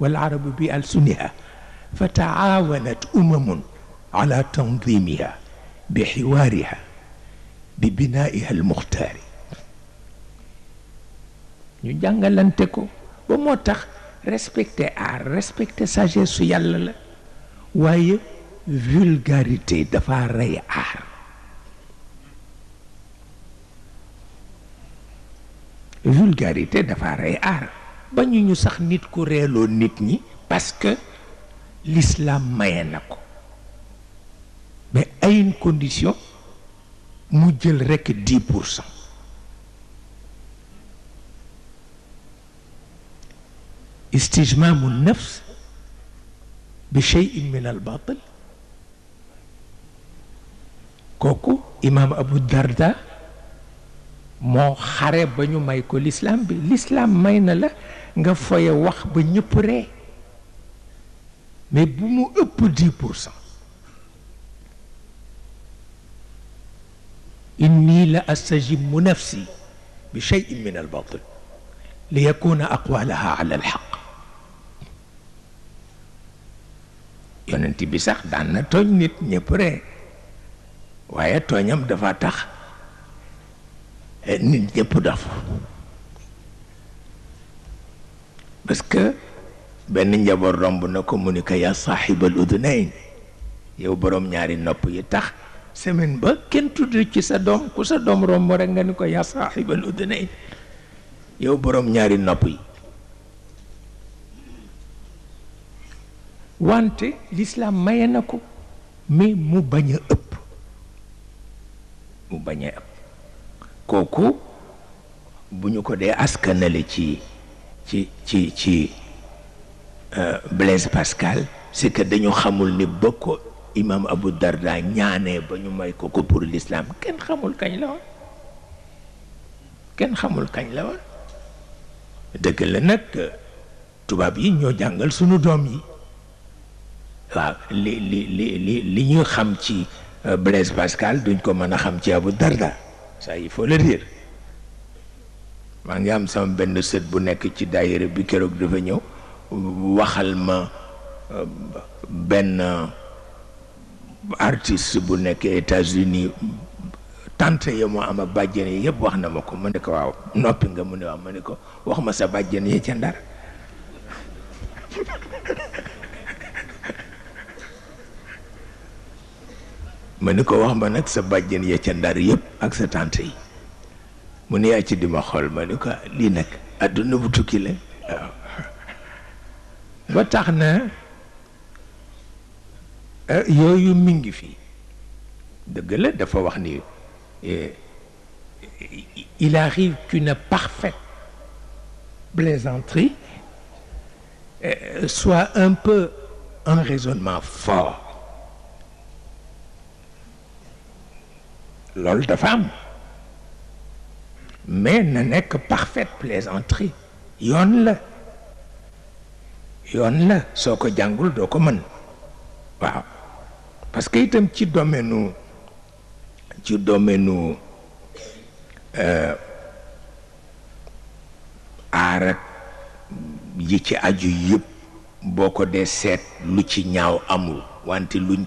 والعرب بألسنها فتعاونت أمم على تنظيمها بحوارها ببنائها المختار نجانا لنتكو بموتخ ريسبكت آر ريسبكت ساجيسو يالل واي فولغاريتي دفا ري آر فولغاريتي دفا ري آر ba ñu sax nit ku reeloo nit ñi parce que l'islam maye na ko mais à une condition mu jël rek 10 pour cent istijmaamu nafs bi cheyin min al batil kooku imaam Abu Darda moo xare ba ñu may ko lislaam bi lislaam may na la nga foye wax ba ñëpp ree mais bu mu ëpp dix pour cent inni la astajimu nafsi bi cheyin min albatil li yakuna aqwalaha ala alxaq yonent bi sax daan na tooñ nit ñëpp ree waaye tooñam dafa tax nit ñëpp dof parce que benn njaboot romb na ko mu ni ko yaa saaxibal udunayn yow borom ñaari nopp yi tax semaine ba kenn tudd ci sa doom ku sa doom romb rek nga ni ko yaa saaxibal udunayn yow borom ñaari nopp yi wante lislaam maye na ko mais mu bañ a ëpp mu bañ a ëpp kooku bu ñu ko dee askanale ci ci ci ci euh, Blaise Pascal c'est que dañu xamul ni ba ko imam Abu Darda ñaanee ba ñu may ko ko pour lislaam kenn xamul kañ la kenn xamul kañ la woon dëgg la nag tubaab yi ñoo jàngal sunu doom yi waaw li li li li ñuy xam ci euh, Blaise Pascal duñ ko mën a xam ci Abu Darda saa yi faut le dire maa ngi am sama benn sët bu nekk ci daayira bi keroog dafa ñëw waxal ma euh, benn euh, artiste bu nekk États-Unis tante ya am a bàjjan yi yëpp wax na ma ko mu ne ko waaw noppi nga mu ne waaw ma ne ko wax ma sa bàjjan yi ca ndar ma ko wax ma nag sa bajjen ya ca ndar yëpp ak sa tante yi mu ne yaa ci di ma xool ma ni ko lii nag àdduna bu tukki la ba tax na eh, yooyu mi ngi fi dëgg la dafa wax ni eh, il arrive qu'une parfaite plaisanterie eh, soit un peu un raisonnement fort l'autre femme mais n'est que parfaite plaisanterie yonne la yoon la django ko jàngul ko waaw parce que itam ci domaine ci domaine Euh. ak yi aju yëpp de lu ci ñaaw amul wanti luñ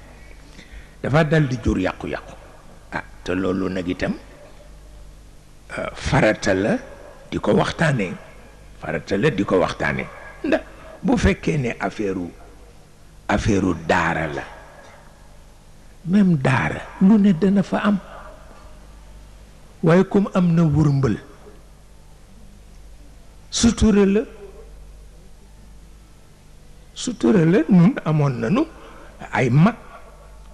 dafa dal di jur yàqu-yàqu ah te loolu nag itam euh, farata la di ko waxtaanee farata la di ko waxtaanee ndax bu fekkee ne affaire affaire daara la même daara lu ne dana fa am waaye comme am na wërmbël sutura la sutura la nun amoon nanu ay mag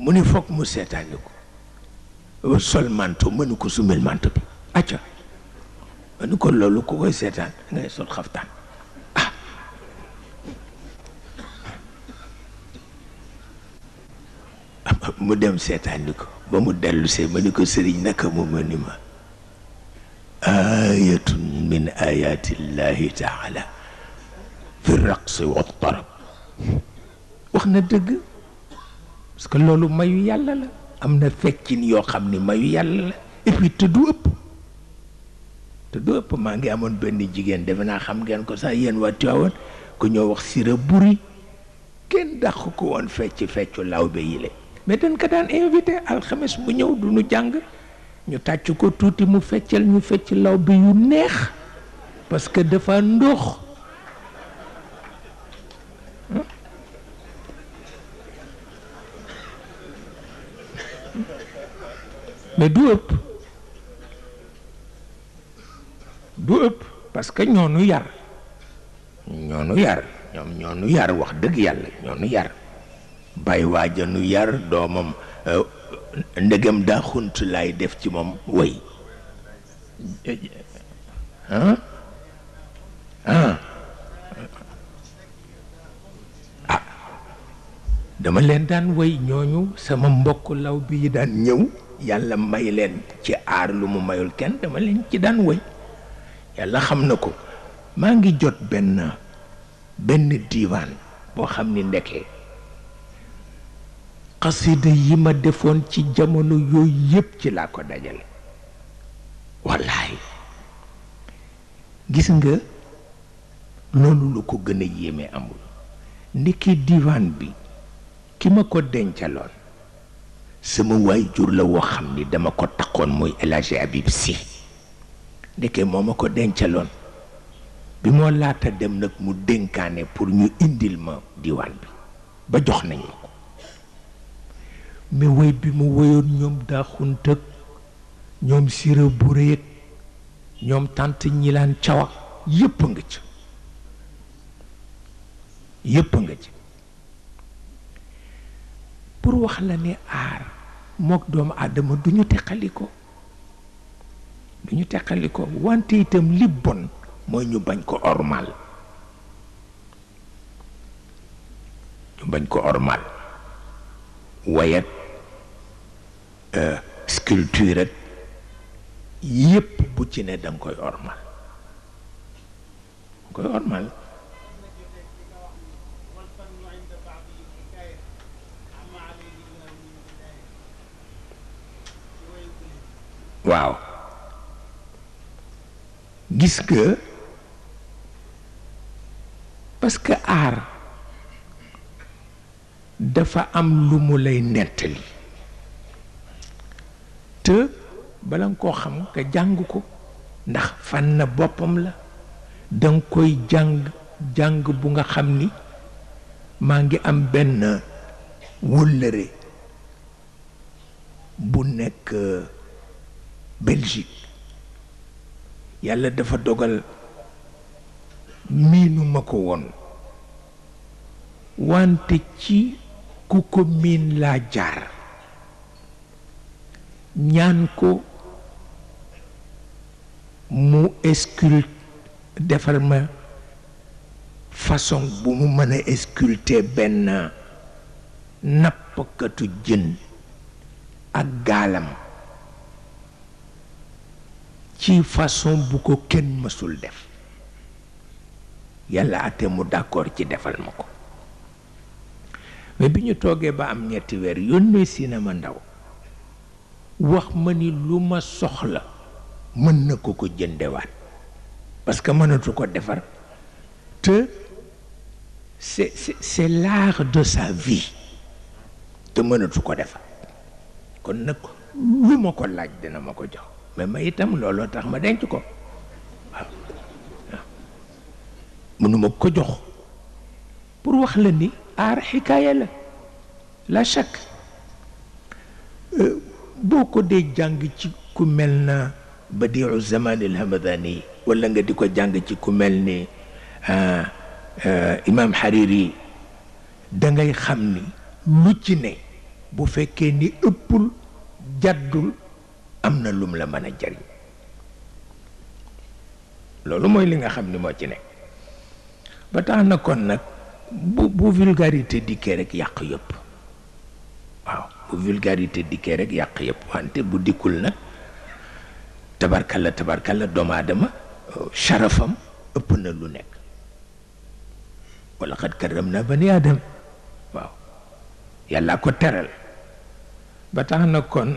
mu ne mu setané ko sol manto mënu ko sumel manto bi acca ma ko lolou ko koy seetaan ngay sol khaftan ah mu dem seetaani ko ba mu delu se ma ni ko serigne naka mo ma ma ayatun min ayati llahi taala fi raqsi wa tarab waxna deug parce que lolu mayu yalla la amna fekkine fekkin xamni mayu yalla la et puis te du upp te du upp ma ngi amone benn jigen def na xam ngeen ko sa yeen wa ku ñoo wax sira buri ken dakh ko won fecc feccu lawbe le, mais den ka dan invité khamis bu ñew du ñu jang ñu tàcc ko tuuti mu feccel ñu fecc lawbe yu neex parce que dafa ndokh mais du ëpp du ëpp parce que ñoonu yar ñoonu yar ñoom ñoonu yar wax dëgg yàlla ñoonu yar bay waajanu yar doomam eh, ndegam daa xunt laay def ci moom way ah ah dama leen daan way ñooñu sama mbokk law bi daan ñëw yàlla may leen ci aar lu mu mayul kenn dama leen ci daan woy yàlla xam na ko maa ngi jot benn benn diiwaan boo xam ni ndekee xasida yi ma defoon ci jamono yooyu yépp ci laa ko dajale wallaay gis nga loolu lu ko gën a yéeme amul ndekki diiwaan bi ki ma ko dencaloon sama waay jur la woo xam ni dama ko takkoon mooy El Hadji Habib ndeke moo ma ko dencaloon bi moo laata dem nag mu dénkaane pour ñu indil ma diwaan bi ba jox nañu ma ko mais woy bi mu woyoon ñoom daaxuntëg ñoom sira bu réeg ñoom tànt ñilaan cawa yépp nga ci yépp nga ci pour wax la ne aar mook doomu aadama du ñu teqali du ñu teqali ko wante itam li bon mooy ñu bañ ko ormal ñu bañ ko ormal wayat euh, sculpture ak yépp bu ci ne danga koy ormal koy ormal waaw gis que parce que aar dafa am lu mu lay li te bala nga koo xam nga jàng ko ndax fan na boppam la danga koy jàng jàng bu nga xam ni maa ngi am benn wóllëre bu nekk Belgique yàlla dafa dogal miinuma ko woon wante ci ku ko miin laa jaar ñaan ko mu sculpte defal ma façon bu mu mën a benn nappkatu jën ak gaalam ci façon bu ko kenn mësul def yàlla até mu d'accord ci defal ma ko mais bi ñu toogee ba am ñetti weer yónnee si na ma ndaw wax ma ni lu ma soxla mën na ko ko jëndewaat parce que mënatu ko defar te c'est c'est l'art de sa vie te mënatu ko defar kon nag lu ma ko laaj dina ma ko jox mais ma itam looloo tax ma denc ko waaw mënuma ko jox pour wax la ni aar xikaaya la la chaque euh, boo ko dee jàng ci ku mel na badiu zaman il hamadani wala nga di ko jàng ci ku mel ni ah, euh, imam Hariri da ngay xam ni lu ci ne bu fekkee ni ëppul jaddul am na lum la mën a jariñ loolu mooy li nga xam ni moo ci nekk ba tax na kon nag bu bu vulgarité dikkee rek yàq yépp waaw bu vulgarité dikkee rek yàq yëpp wante bu dikkul nag tabarkalla tabarkalla doomu adama sharafam ëpp na lu nekk wala xat karam na bani aadam waaw yàlla ko teral ba tax na kon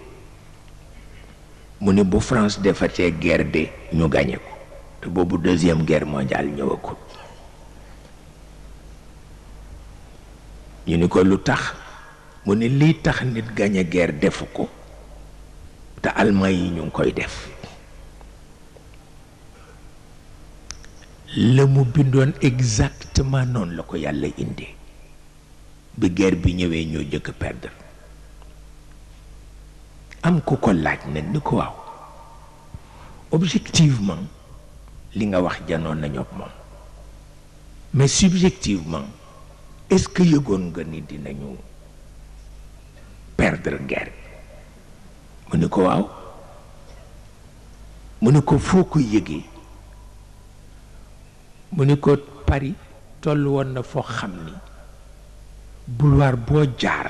mu ne bu France defatee guerre de ñu gañe ko te boobu deuxième guerre mondiale ñëwagul ñu ni ko lu tax mu ne lii tax nit gañe ger defu ko te allemand yi ñu ngi koy def la mu bindoon exactement noonu la ko yàlla indi bi ger bi ñëwee ñoo jëkk perdre am ko ko laaj ne ni ko waw objectivement li nga wax janon nañu mom mais subjectivement est-ce que yegon nga ni dinañu perdre guerre mu ne ko waw mu ne ko foo yegge ko Paris tollu won na fo xamni ni boulevard jaar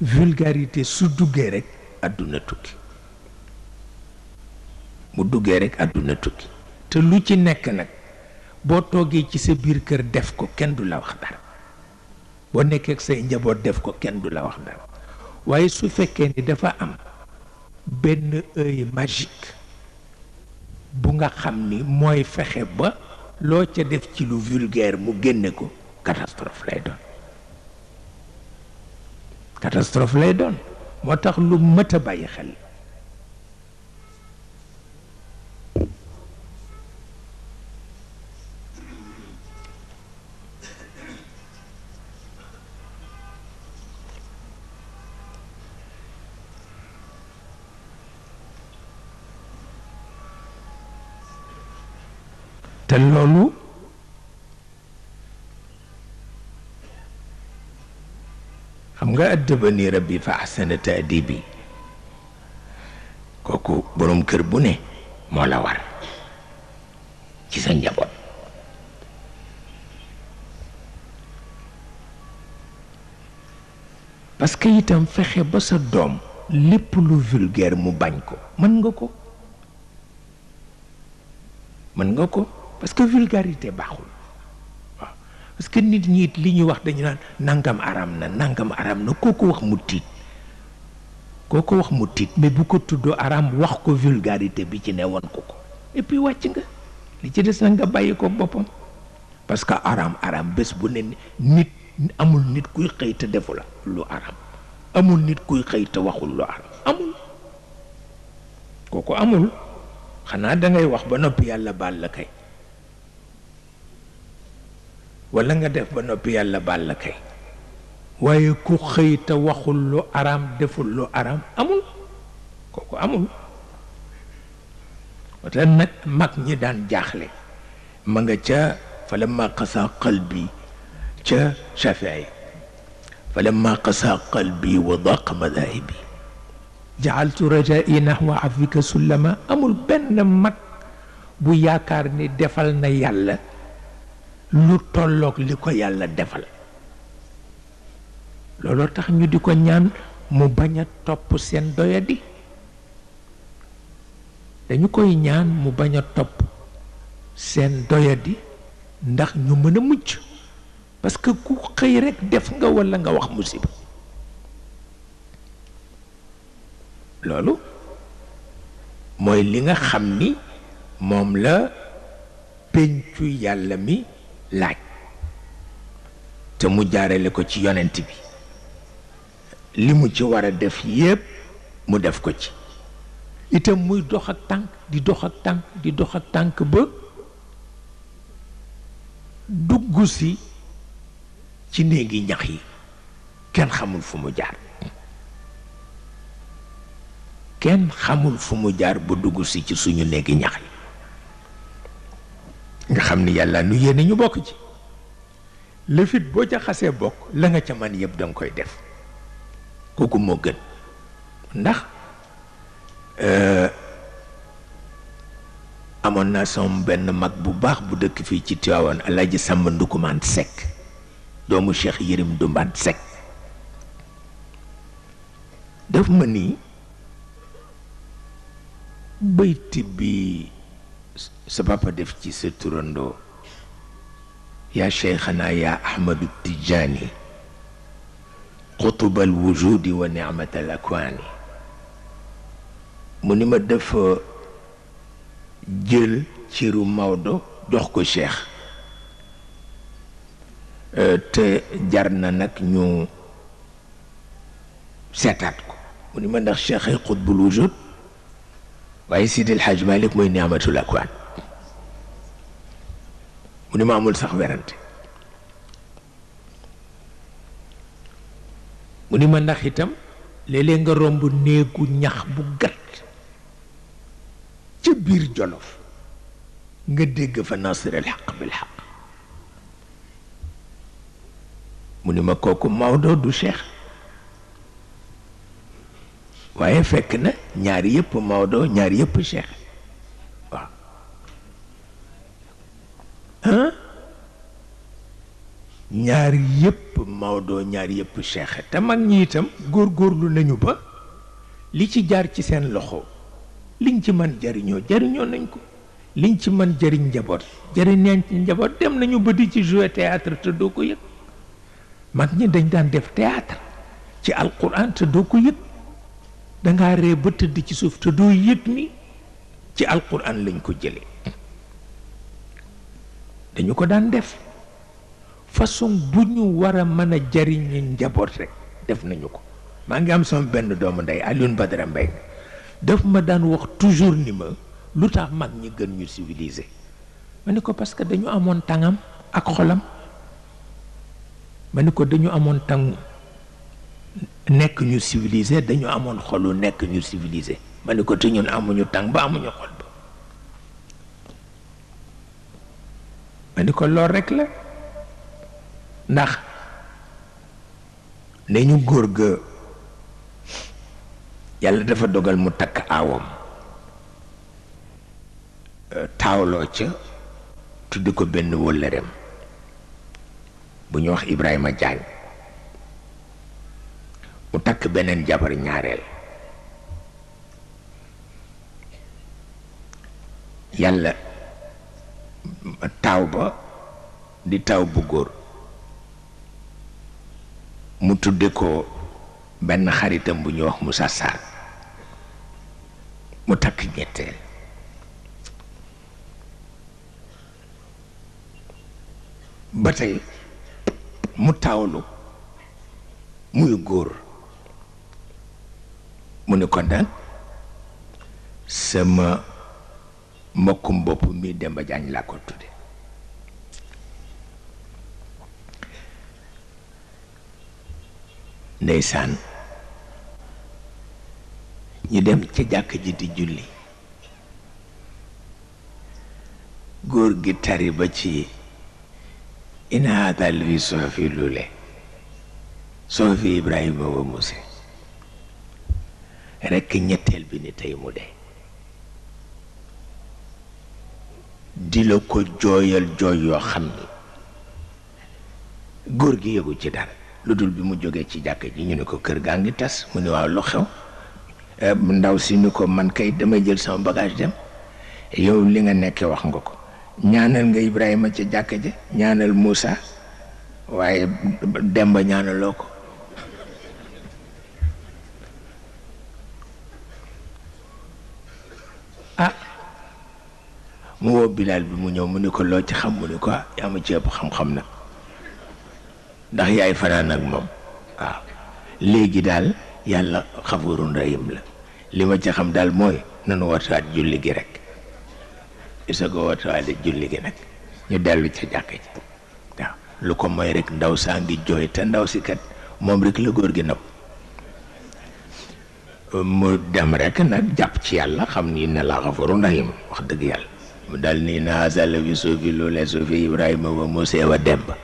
vulgarité su duggee rek àdduna tukki mu duggee rek àdduna tukki te lu ci nekk nag boo toogee ci sa biir kër def ko kenn du la wax dara boo nekkee ak say njaboot def ko kenn du la wax dara waaye su fekkee ni dafa am benn œil magique bu nga xam ni mooy fexe ba loo ca def ci lu vulgaire mu génne ko catastrophe lay doon كاتاستروف لاي دون موتاخ لو متا باي خل تلولو xam nga addabani rabbi fa ahsana taadibi kooku boroom kër bu ne moo la war ci sa njaboot parce que itam fexe ba sa doom lépp lu vulgaire mu bañ ko mën nga ko mën nga ko parce que vulgarité baaxul parce que nit ñi it li ñuy wax dañu naan nangam aram na nangam aram na kooku wax mu tiit kooku wax mu tiit mais bu ko tuddoo aram wax ko vulgarité bi ci ne woon ko ko et puis wàcc nga li ci des na nga bàyyi ko boppam parce que aram aram bés bu ne nit amul nit kuy xëy defu la lu aram amul nit kuy xëy te waxul lu aram amul kooku amul xanaa dangay wax ba noppi yàlla baal la kay. ولا nga def ba nopi yàlla bal la kay way ku xeyta waxul lu aram deful lu aram amul koku amul watan nak mak ñi daan jaxlé ma nga ca falamma qasa qalbi ca shafii falamma qasa qalbi wa daqa madaahibi jaaltu rajaa'i nahwa afika sullama amul benn mag bu yaakaar ni defal na yàlla lu tolloog li ko yàlla defal looloo tax ñu di ko ñaan mu bañ a topp seen doyadi dañu koy ñaan mu bañ a topp seen doyadi ndax ñu mën a mucc parce que ku xëy rekk def nga walla nga wax musiba loolu mooy li nga xam ni moom la pencu yàlla mi laaj te mu jaarale ko ci yonent bi li mu ci war a def yépp mu def ko ci itam muy dox ak tànk di dox ak tànk di dox ak tànk ba dugg si ci néegi ñax yi kenn xamul fu mu jaar kenn xamul fu mu jaar ba dugg si ci suñu néegi ñax yi nga xam ni yàlla nu yéene ñu bokk ci lëfit boo ca xasee bokk la nga ca man yëpp danga koy def kooku moo gën ndax euh, amoon naa sama benn mag bu baax bu dëkk fii ci Tiwaawan Alaaji Sàmba Ndukumaan Sekk doomu Cheikh Yérim Dumbaan Sekk daf ma nii bayti bi sa papa def ci sa turandoo yaa cheikhana yaa ahmadu tijaani xutubal wujudi wa nicmatal akwaani mu ni ma def jël ciru Maodo jox ko cheikh euh, te jar na nag ñu seetaat ko mu ni ma ndax cheikh ay wujud waaye Sidi El Hadj Malick mooy ni'matul akwaan mu ni ma amul sax werante mu ni ma ndax itam léeg-léeg nga romb néegu ñax bu gàtt ca biir jolof nga dégg fa nasir al xaq bil xaq ma kooku Maodo du cheikh waaye fekk na ñaar yëpp Maodo ñaari yëpp Cheikh waaw ñaari yëpp Maodo yëpp Cheikh te mag ñi itam góorgóorlu nañu ba li ci jaar ci seen loxo liñ ci mën jariñoo jariñoo nañ ko liñ ci mën jariñ njaboot jariñ ci njaboot dem nañu ba di ci jouer théâtre te doo ko yëg mag ñi dañ daan def théâtre ci alquran te doo ko yëg dangaa ree ba tëdd ci suuf te doo yëg mi ci alquran lañ ko jële dañu ko daan def façon bu ñu war a mën a jariñu njaboot rek def nañu ko maa ngi am sama benn doomu ndey Alioune Badara Mbengue def ma daan wax toujours ni ma lu tax mag ñi gën ñu civilisé ma ni ko parce que dañu amoon tàngam ak xolam ma ni ko dañu amoon tàng nekk ñu civilisé dañu amoon xolu nekk ñu civilisé ma ne ko te ñun amuñu tàng ba amuñu xol ba ma ne ko lool rekk la ndax ne ñu góor ga yàlla dafa dogal mu takk aawam euh, taawloo ca tuddi ko benn wëllëreem bu ñu wax Ibrahima Diagne mu takk beneen jabar ñaareel yàlla taaw ba di taaw bu góor mu tudde ko benn xaritam bu ñu wax Moussa Sarr mu takk ñetteel ba tey mu taawlu muy góor mu ni ko nag sama mbokkum bopp mi Demba Jaañ laa ko tudde ndeysaan ñu dem ca jàkk ji di julli góor gi tari ba ci in haadal fi soo fi lule soo fi rekk ñetteel bi ni tey mu dee di la ko jooyal jooy yoo xam ni góor gi yëgu ci dara lu dul bi mu jógee ci jàkk ji ñu ne ko kër gaa ngi tas mu ni waaw lu xew eh, ndaw si ni ko man kay damay jël sama bagage dem yow li nga nekkee wax nga ko ñaanal nga Ibrahima ca jàkk ji ñaanal muusa waaye Demba ñaanaloo ko mu woo Bilal bi mu ñëw mu ni ko loo ci xam mu ni ko ah, yaa ma ci ëpp xam-xam na ndax yaay fanaan ak moom waaw léegi daal yàlla xafurun rahim la li ma ci xam daal mooy nanu wataat julli gi rek isa ko julli gi nag ñu dellu ca jàkk ji waaw lu ko moy rek ndaw saa ngi jooy te ndaw si kat moom rek la góor gi nopp mu dem rek nag jàpp ci yàlla xam ni ne laa xafurun rahim wax dëgg yàlla mu dal nii na hasala fi suufi loolee sufi ibrahima wa musee wa demba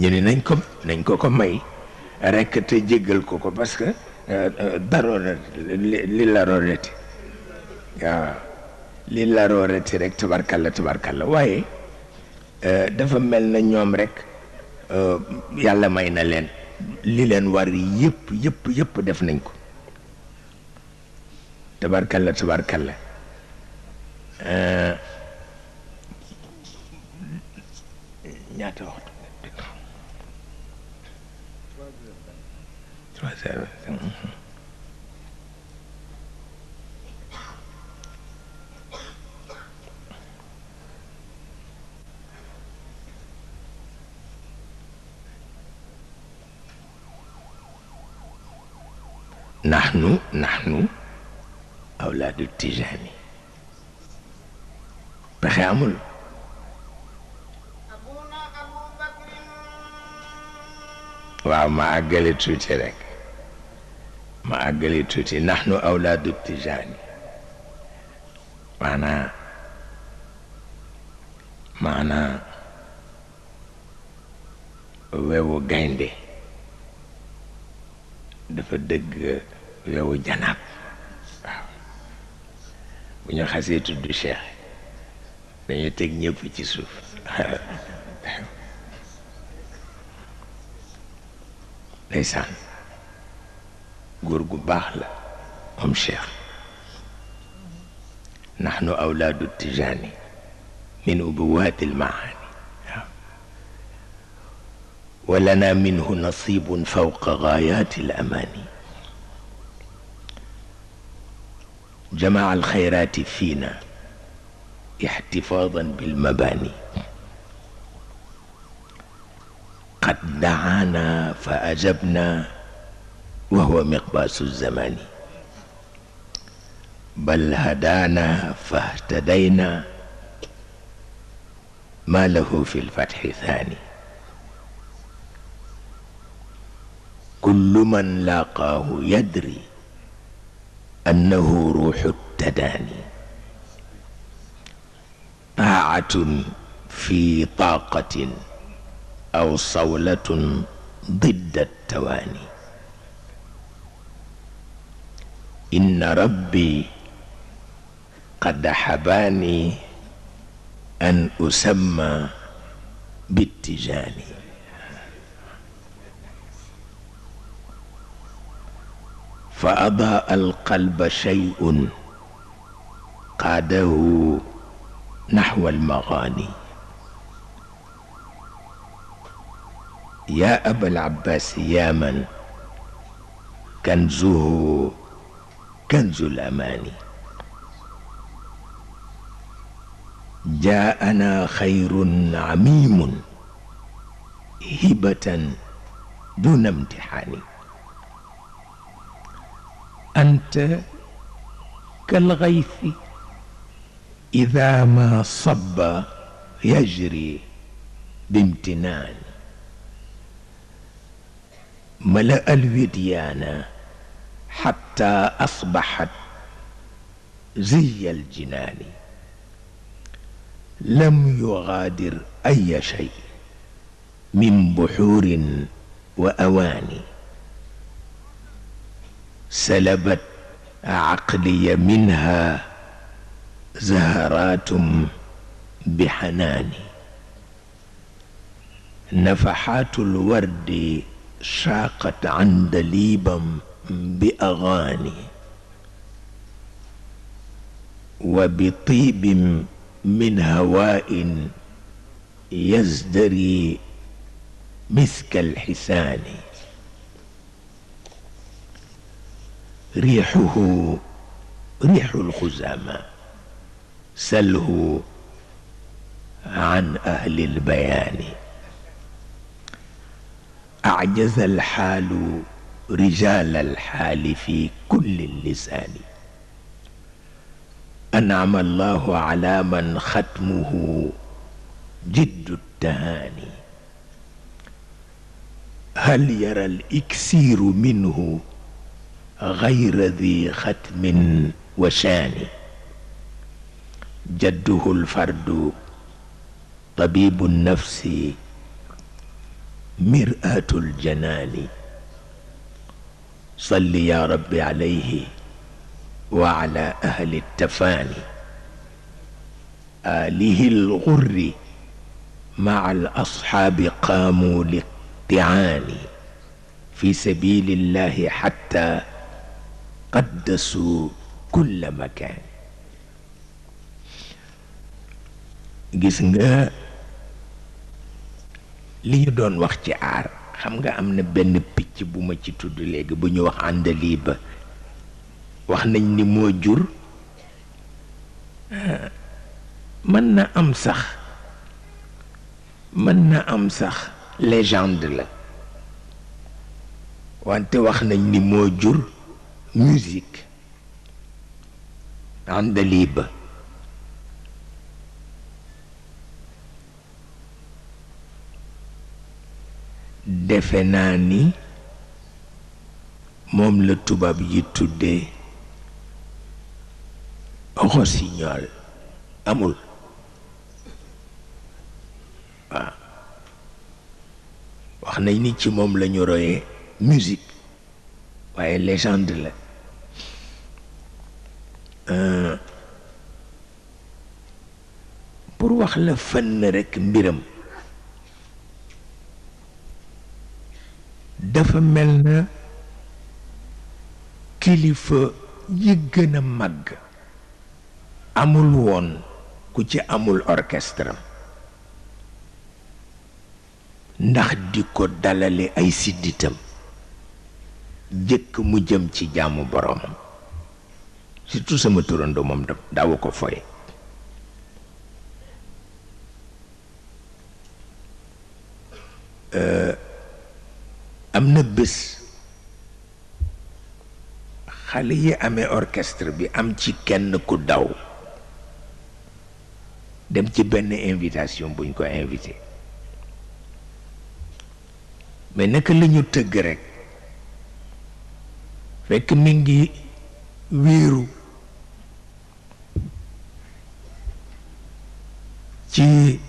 ñu ni nañ ko nañ ko ko may rek te jéggal ko ko parce que na li la roo laroorati waaw li la roo laroorati rek tabarkalla tabarkalla waaye dafa mel na ñoom rek Euh, yàlla may na leen li leen war yëpp yëpp yëpp def nañ ko tabarkalla tabarkalla euh, ñaata waxtu trois نحن نحن أولاد التجاني بخامل واو ما أقلي توتي لك ما أقلي توتي نحن أولاد التجاني معنا معنا ويبو غيندي dafa dëgg weewu janaab waaw bu ñu xasee tudd cheikh dañu teg ñëpp ci suuf ndeysaan góor gu baax la moom cheikh nahnu awlaadu tijaani min ubuwaati l maani ولنا منه نصيب فوق غايات الأماني جمع الخيرات فينا احتفاظا بالمباني قد دعانا فأجبنا وهو مقباس الزمان بل هدانا فاهتدينا ما له في الفتح ثاني كل من لاقاه يدري أنه روح التداني طاعة في طاقة أو صولة ضد التواني إن ربي قد حباني أن أسمى بالتجاني فأضاء القلب شيء قاده نحو المغاني يا أبا العباس يا من كنزه كنز الأماني جاءنا خير عميم هبة دون امتحان أنت كالغيث إذا ما صب يجري بامتنان ملأ الوديان حتى أصبحت زي الجنان لم يغادر أي شيء من بحور وأواني سلبت عقلي منها زهرات بحناني نفحات الورد شاقت عندليبا بأغاني وبطيب من هواء يزدري مسك الحسان ريحه ريح الخزامى سله عن أهل البيان أعجز الحال رجال الحال في كل اللسان أنعم الله على من ختمه جد التهاني هل يرى الإكسير منه غير ذي ختم وشان جده الفرد طبيب النفس مرآة الجنان صل يا رب عليه وعلى أهل التفاني آله الغر مع الأصحاب قاموا للطعان في سبيل الله حتى qaddasu kulla makan gis nga li ñu doon wax ci aar xam nga am na benn picc bu ma ci tudd léegi bu ñu wax àndali ba wax nañ ni moo jur mën na am sax mën na am sax légende la wante wax nañ ni moo jur musique, Andalib. libre... naa mom le tout tubaab yi tuddee rossignol amul Ah. wax nañ ni ci mom le ñu Musique... musique ouais légende là. Euh, pour wax la fenn rekk mbiram dafa mel na kilifa yi gëna a màgg amul woon ku ci amul orchestre ndax di ko dalale ay sidditam jëkk mu jëm ci jaamu boroomam surtout sama turandoo moom daawu ko foye euh, am na bés xale yi amee orchestre bi am ci kenn ku daw dem ci benn invitation buñ ko invité mais naka la tëgg rekk fekk mi ngi wéeru ci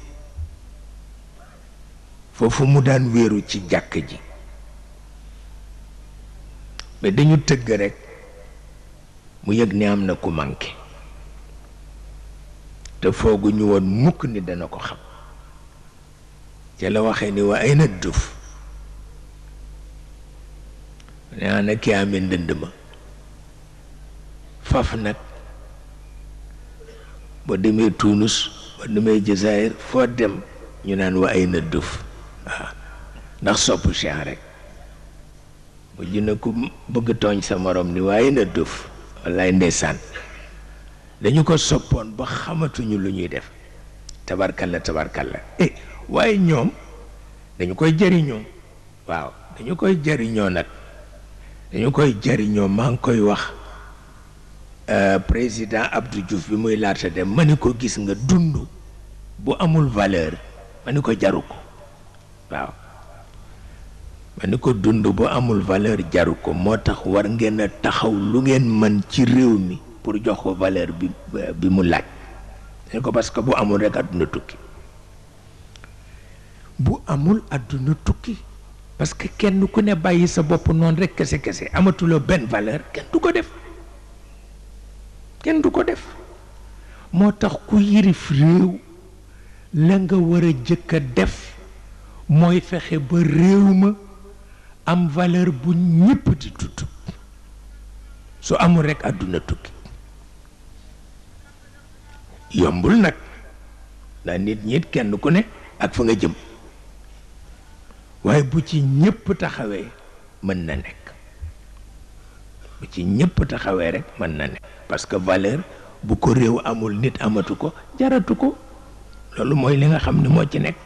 foofu mu daan wéeru ci jàkk ji mais dañu tëgg rekk mu yëg ni am na ku manqué te foogu ñu woon mukk ni dana ko xam ca la waxee ni wa ay na duf ne ana ki amee ndënd ma faf nag ba demee Tuunus ba demee Jazaayir foo dem ñu naan wa ay na dëf waaw ndax sopp Cheikh rek bu junne ku bëgg tooñ sa moroom ni waaye na dëf wallaay ndeysaan dañu ko soppoon ba xamatuñu lu ñuy def tabarkalla tabarkalla eh waaye ñoom dañu koy jariñoo waaw dañu koy jariñoo nag dañu koy jariñoo maa ngi koy wax Euh, président Abdou Diouf bi muy laata dem ma ni ko gis nga dund bu amul valeur ma ni ko jaru ko waaw ma ni ko dund bu amul valeur jaru ko moo tax war ngeen a taxaw lu ngeen mën ci réew mi pour jox ko valeur bi euh, bi mu laaj dañ ko parce que bu amul rek àdduna tukki bu amul àdduna tukki parce que kenn ku ne bàyyi sa bopp noonu rek kese kese amatuloo benn valeur kenn du ko def kenn du ko def moo tax ku yërif réew la nga war a jëkk a def mooy fexe ba réew ma am valeur bu ñépp di tudd su amul rekk àdduna tukki yombul nag na nit ñit kenn ku ne ak fa nga jëm waaye bu ci ñëpp taxawee mën na nekk bu ci ñëpp taxawee rek mën na ne parce que valeur bu ko réew amul nit amatu ko jaratu ko loolu mooy li nga xam ni moo ci nekk